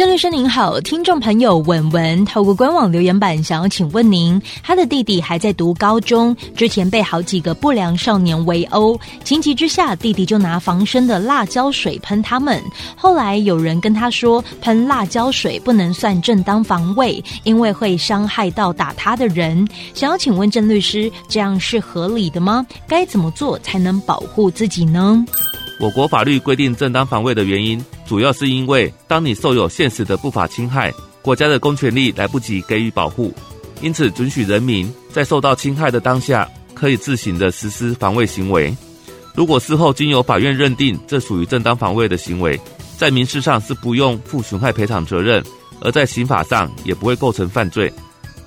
鄭律師您好，聽眾朋友文文透過官網留言板想要請問您，他的弟弟還在讀高中，之前被好幾個不良少年圍毆，情急之下弟弟就拿防身的辣椒水噴他們。後來有人跟他說，噴辣椒水不能算正當防衛，因為會傷害到打他的人。想要請問鄭律師，這樣是合理的嗎？該怎麼做才能保護自己呢？我國法律規定正當防衛的原因，主要是因為當你受有現實的不法侵害，國家的公權力來不及給予保護，因此准許人民在受到侵害的當下可以自行的實施防衛行為。如果事後經由法院認定這屬於正當防衛的行為，在民事上是不用負損害賠償責任，而在刑法上也不會構成犯罪。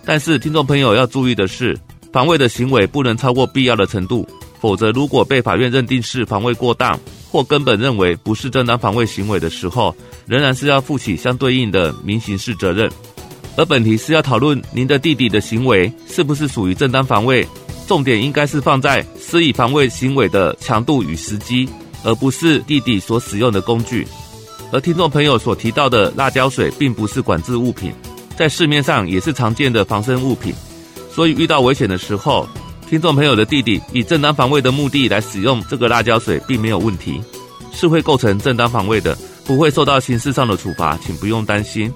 但是聽眾朋友要注意的是，防衛的行為不能超過必要的程度，否則如果被法院認定是防衛過當。或根本認為不是正當防衛行為的時候，仍然是要負起相對應的民刑事責任。而本題是要討論您的弟弟的行為是不是屬於正當防衛，重點應該是放在施以防衛行為的強度與時機，而不是弟弟所使用的工具。而聽眾朋友所提到的辣椒水並不是管制物品，在市面上也是常見的防身物品，所以遇到危險的時候，聽眾朋友的弟弟以正當防衛的目的來使用這個辣椒水，並沒有問題，是會構成正當防衛的，不會受到刑事上的處罰，請不用擔心。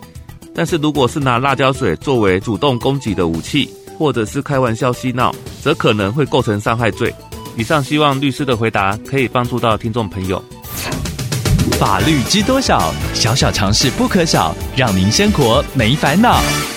但是如果是拿辣椒水作為主動攻擊的武器，或者是開玩笑嬉鬧，則可能會構成傷害罪。以上希望律師的回答可以幫助到聽眾朋友。法律知多少？小小常識不可少，讓您生活沒煩惱。